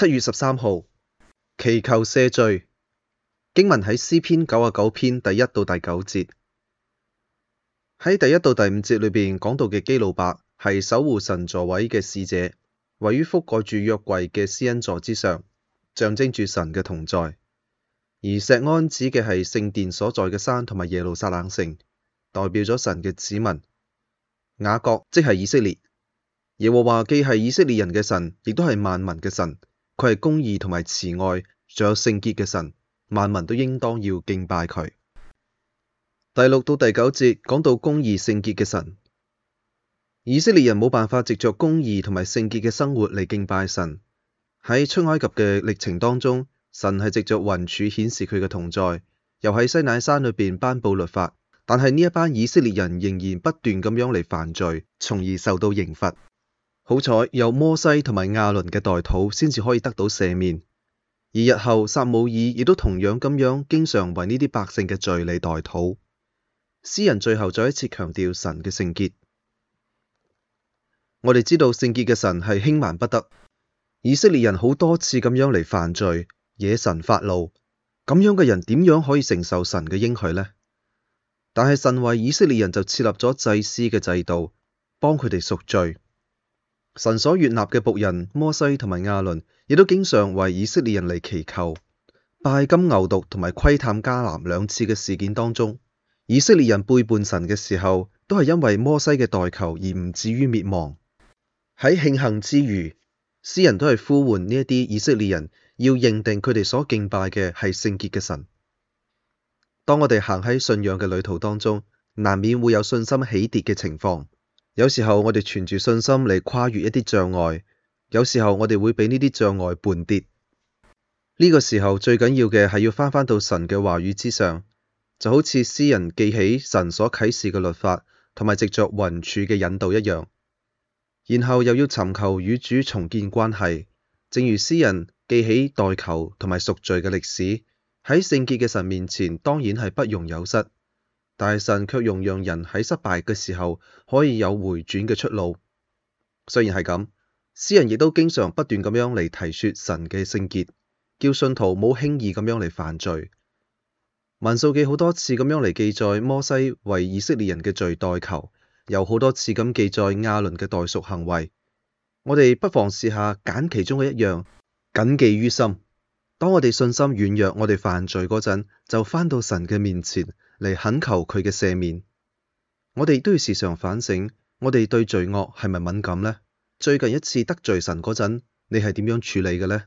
七月十三號，祈求赦罪。經文喺詩篇九十九篇第一到第九節。喺第一到第五節裏邊講到嘅基路伯係守護神座位嘅使者，位於覆蓋住約櫃嘅施恩座之上，象徵住神嘅同在。而錫安指嘅係聖殿所在嘅山同埋耶路撒冷城，代表咗神嘅子民雅各，即係以色列。耶和華既係以色列人嘅神，亦都係萬民嘅神。佢係公義同埋慈愛，仲有聖潔嘅神，萬民都應當要敬拜佢。第六到第九節講到公義聖潔嘅神，以色列人冇辦法藉着公義同埋聖潔嘅生活嚟敬拜神。喺出埃及嘅歷程當中，神係藉着雲柱顯示佢嘅同在，又喺西乃山裏邊頒布律法。但係呢一班以色列人仍然不斷咁樣嚟犯罪，從而受到刑罰。好彩有摩西同埋亞倫嘅代禱先至可以得到赦免。而日後撒母耳亦都同樣咁樣，經常為呢啲百姓嘅罪嚟代禱。詩人最後再一次強調神嘅聖潔。我哋知道聖潔嘅神係輕慢不得。以色列人好多次咁樣嚟犯罪，惹神發怒，咁樣嘅人點樣可以承受神嘅應許呢？但係神為以色列人就設立咗祭司嘅制度，幫佢哋贖罪。神所悅納嘅僕人摩西同埋亞倫，亦都經常為以色列人嚟祈求。拜金牛犢同埋窺探迦南兩次嘅事件當中，以色列人背叛神嘅時候，都係因為摩西嘅代求而唔至於滅亡。喺慶幸之餘，詩人都係呼喚呢一啲以色列人要認定佢哋所敬拜嘅係聖潔嘅神。當我哋行喺信仰嘅旅途當中，難免會有信心起跌嘅情況。有時候我哋存住信心嚟跨越一啲障礙，有時候我哋會畀呢啲障礙絆跌。呢、這個時候最緊要嘅係要返返到神嘅話語之上，就好似詩人記起神所啟示嘅律法，同埋藉着雲柱嘅引導一樣。然後又要尋求與主重建關係，正如詩人記起代求同埋贖罪嘅歷史，喺聖潔嘅神面前，當然係不容有失。但神卻容讓人喺失敗嘅時候可以有回轉嘅出路。雖然係咁，詩人亦都經常不斷咁樣嚟提說神嘅聖潔，叫信徒唔好輕易咁樣嚟犯罪。民數記好多次咁樣嚟記載摩西為以色列人嘅罪代求，又好多次咁記載亞倫嘅代贖行為。我哋不妨試下揀其中嘅一樣，謹記於心。當我哋信心軟弱，我哋犯罪嗰陣，就返到神嘅面前，嚟懇求佢嘅赦免，我哋都要時常反省，我哋對罪惡係咪敏感咧？最近一次得罪神嗰陣，你係點樣處理嘅咧？